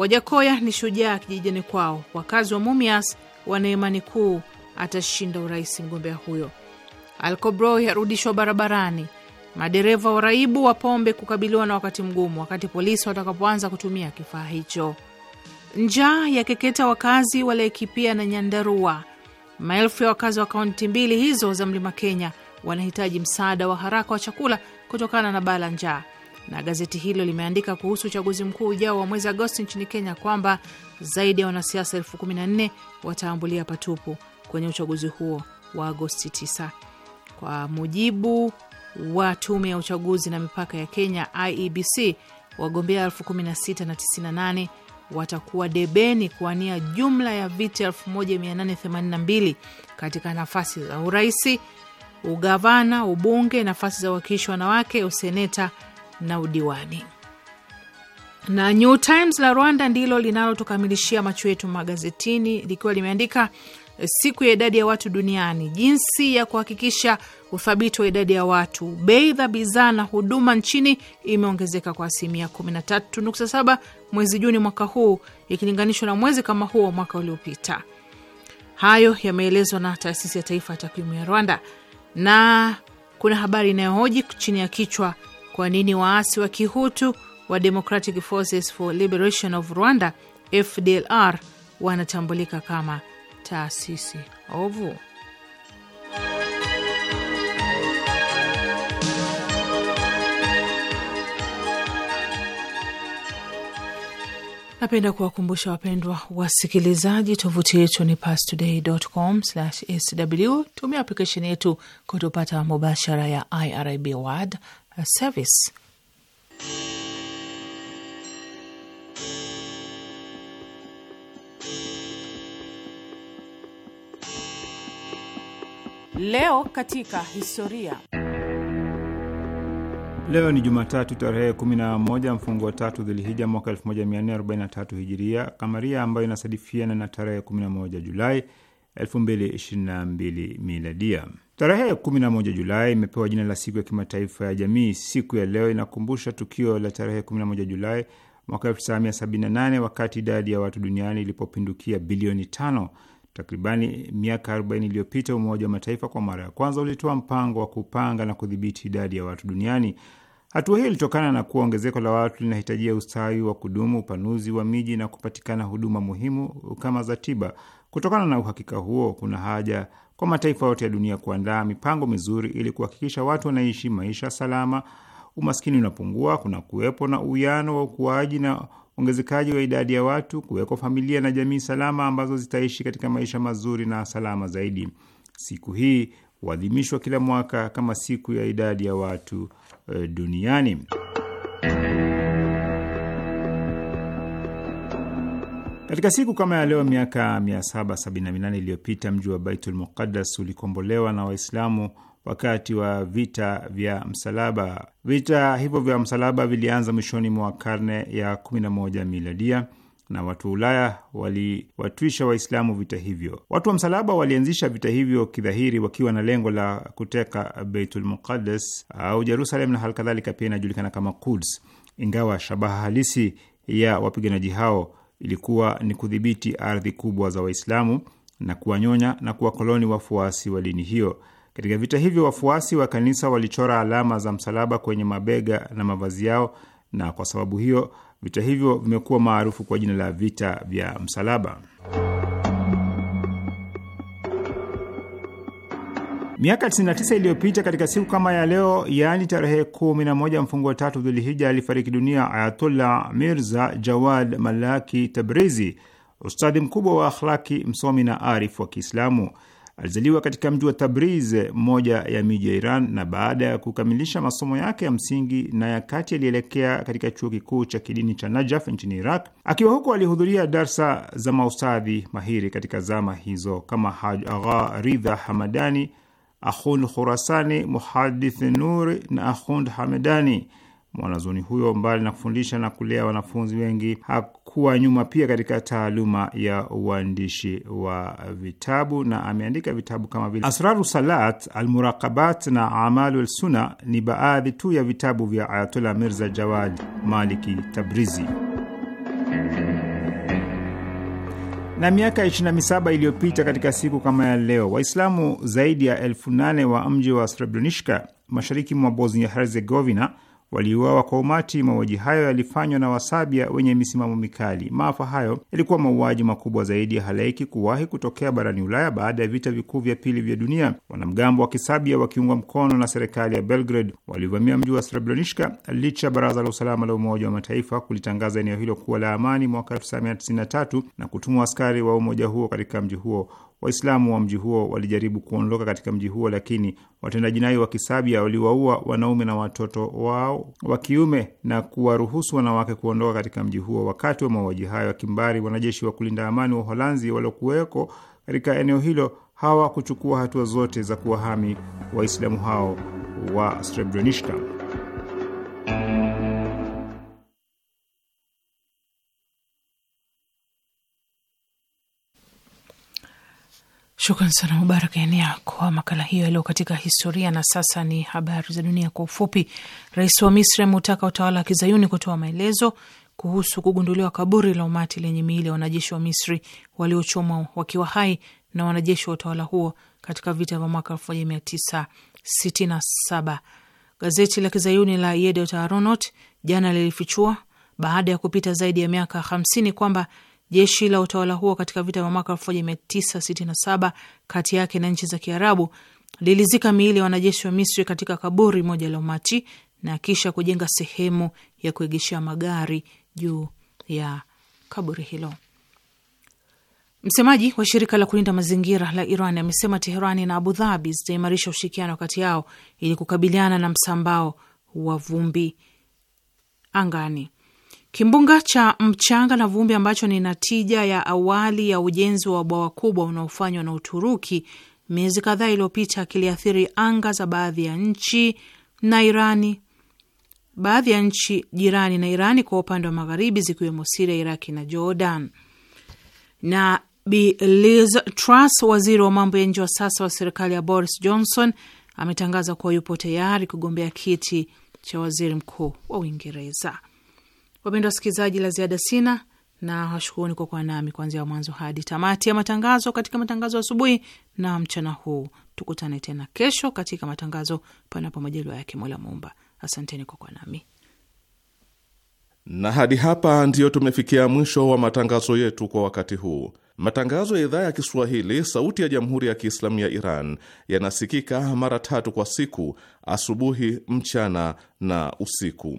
Wajakoya ni shujaa kijijini kwao. Wakazi wa Mumias wanaimani kuu atashinda urais mgombea huyo. Alcobroi arudishwa barabarani. Madereva waraibu wa pombe kukabiliwa na wakati mgumu wakati polisi watakapoanza kutumia kifaa hicho. Njaa ya keketa wakazi wa Laikipia na Nyandarua. Maelfu ya wakazi wa kaunti mbili hizo za mlima Kenya wanahitaji msaada wa haraka wa chakula kutokana na baa la njaa na gazeti hilo limeandika kuhusu uchaguzi mkuu ujao wa mwezi Agosti nchini Kenya kwamba zaidi ya wanasiasa elfu kumi na nne wataambulia patupu kwenye uchaguzi huo wa Agosti 9 kwa mujibu wa tume ya uchaguzi na mipaka ya Kenya IEBC. Wagombea 1698 na watakuwa debeni kuwania jumla ya viti 1882 katika nafasi za uraisi, ugavana, ubunge, nafasi za uwakilishi wanawake, useneta na udiwani. Na New Times la Rwanda ndilo linalotukamilishia macho yetu magazetini likiwa limeandika eh, siku ya idadi ya watu duniani, jinsi ya kuhakikisha uthabiti wa idadi ya watu, bei za bidhaa na huduma nchini imeongezeka kwa asilimia 13.7 mwezi Juni mwaka huu ikilinganishwa na mwezi kama huo mwaka uliopita. Hayo yameelezwa na taasisi ya taifa ya takwimu ya Rwanda, na kuna habari inayohoji chini ya kichwa kwa nini waasi wa kihutu wa Democratic Forces for Liberation of Rwanda FDLR wanatambulika kama taasisi ovu. Napenda kuwakumbusha wapendwa wasikilizaji, tovuti yetu ni pastoday.com/sw. Tumia aplikesheni yetu kutopata mubashara ya IRIB wad service. Leo katika historia. Leo ni Jumatatu tarehe 11 mfungo wa tatu Dhilhija mwaka 1443 Hijiria kamaria, ambayo inasadifiana na tarehe 11 Julai 2022 Miladia. Tarehe ya 11 Julai imepewa jina la siku ya kimataifa ya jamii. Siku ya leo inakumbusha tukio la tarehe 11 Julai mwaka 1978 wakati idadi ya watu duniani ilipopindukia bilioni tano. Takribani miaka 40 iliyopita, Umoja wa Mataifa kwa mara ya kwanza ulitoa mpango wa kupanga na kudhibiti idadi ya watu duniani. Hatua hii ilitokana na kuwa ongezeko la watu linahitajia ustawi wa kudumu, upanuzi wa miji na kupatikana huduma muhimu kama za tiba. Kutokana na uhakika huo, kuna haja kwa mataifa yote ya dunia kuandaa mipango mizuri ili kuhakikisha watu wanaishi maisha salama, umaskini unapungua, kuna kuwepo na uwiano wa ukuaji na ongezekaji wa idadi ya watu, kuwekwa familia na jamii salama ambazo zitaishi katika maisha mazuri na salama zaidi. Siku hii huadhimishwa kila mwaka kama siku ya idadi ya watu eh, duniani. Katika siku kama ya leo miaka 778 iliyopita mji wa Baitul Muqaddas ulikombolewa na Waislamu wakati wa vita vya msalaba. Vita hivyo vya msalaba vilianza mwishoni mwa karne ya 11 miladia na watu wa Ulaya waliwatwisha Waislamu vita hivyo. Watu wa msalaba walianzisha vita hivyo kidhahiri, wakiwa na lengo la kuteka Beitul Muqaddas au Jerusalem na halikadhalika pia inajulikana kama Kuds, ingawa shabaha halisi ya wapiganaji hao ilikuwa ni kudhibiti ardhi kubwa za Waislamu na kuwanyonya na kuwakoloni wafuasi wa dini hiyo. Katika vita hivyo, wafuasi wa kanisa walichora alama za msalaba kwenye mabega na mavazi yao, na kwa sababu hiyo vita hivyo vimekuwa maarufu kwa jina la vita vya msalaba. Miaka 99 iliyopita katika siku kama ya leo, yaani tarehe 11 mfungo wa tatu Dhulhija, alifariki dunia Ayatullah Mirza Jawad Malaki Tabrizi, ustadhi mkubwa wa akhlaki, msomi na arif wa Kiislamu. Alizaliwa katika mji wa Tabriz, mmoja ya miji ya Iran, na baada ya kukamilisha masomo yake ya msingi na ya kati alielekea katika chuo kikuu cha kidini cha Najaf nchini Iraq. Akiwa huko alihudhuria darsa za maustadhi mahiri katika zama hizo kama Haj Agha Ridha Hamadani Ahund Khurasani, Muhadith Nuri na Ahund Hamedani. Mwanazoni huyo mbali na kufundisha na kulea wanafunzi wengi, hakuwa nyuma pia katika taaluma ya uandishi wa vitabu na ameandika vitabu kama vile Asraru Salat, almurakabat na Amalu Lsuna ni baadhi tu ya vitabu vya Ayatollah Mirza Jawad Maliki Tabrizi. Na miaka 27 iliyopita katika siku kama ya leo, Waislamu zaidi ya elfu nane wa mji wa Srebrenica mashariki mwa Bosnia Herzegovina waliuawa kwa umati. Mauaji hayo yalifanywa na wasabia wenye misimamo mikali. Maafa hayo yalikuwa mauaji makubwa zaidi ya halaiki kuwahi kutokea barani Ulaya baada ya vita vikuu vya pili vya dunia. Wanamgambo wa kisabia wakiungwa mkono na serikali ya Belgrade walivamia mji wa Srebrenica licha ya baraza la usalama la Umoja wa Mataifa kulitangaza eneo hilo kuwa la amani mwaka 1993 na kutumwa askari wa umoja huo katika mji huo Waislamu wa mji huo walijaribu kuondoka katika mji huo, lakini watenda jinai wa Kisabia waliwaua wanaume na watoto wao wa kiume na kuwaruhusu wanawake kuondoka katika mji huo. Wakati wa mauaji hayo ya kimbari, wanajeshi wa kulinda amani wa Uholanzi waliokuweko katika eneo hilo hawakuchukua hatua zote za kuwahami Waislamu hao wa Srebrenica. Shukran sana Mubaraka Enea kwa makala hiyo yaliyo katika historia. Na sasa ni habari za dunia kwa ufupi. Rais wa Misri ameutaka utawala wa kizayuni kutoa maelezo kuhusu kugunduliwa kaburi la umati lenye miili ya wanajeshi wa Misri waliochomwa wakiwa hai na wanajeshi wa utawala huo katika vita vya mwaka 1967. Gazeti la kizayuni la Yediot Ahronot jana lilifichua baada ya kupita zaidi ya miaka 50 kwamba jeshi la utawala huo katika vita vya mwaka 1967 kati yake na nchi za Kiarabu lilizika miili ya wanajeshi wa Misri katika kaburi moja la umati na kisha kujenga sehemu ya kuegeshea magari juu ya kaburi hilo. Msemaji wa shirika la kulinda mazingira la Iran amesema Teherani na Abu Dhabi zitaimarisha ushirikiano kati yao ili kukabiliana na msambao wa vumbi angani. Kimbunga cha mchanga na vumbi ambacho ni natija ya awali ya ujenzi wa bwawa kubwa unaofanywa na Uturuki miezi kadhaa iliyopita kiliathiri anga za baadhi ya nchi na Irani, baadhi ya nchi jirani na Irani kwa upande wa magharibi zikiwemo Siria, Iraki na Jordan. Na Bi Liz Truss, waziri wa mambo ya nje wa sasa wa serikali ya Boris Johnson, ametangaza kuwa yupo tayari kugombea kiti cha waziri mkuu wa Uingereza. Wapendwa wasikilizaji, la ziada sina na washukuruni kwa kuwa nami kuanzia mwanzo hadi tamati ya matangazo katika matangazo asubuhi na mchana huu. Tukutane tena kesho katika matangazo, panapo majaliwa yake Mola Muumba. Asanteni kwa kuwa nami na hadi hapa ndiyo tumefikia mwisho wa matangazo yetu kwa wakati huu. Matangazo ya idhaa ya Kiswahili sauti ya jamhuri ya Kiislamu ya Iran yanasikika mara tatu kwa siku: asubuhi, mchana na usiku.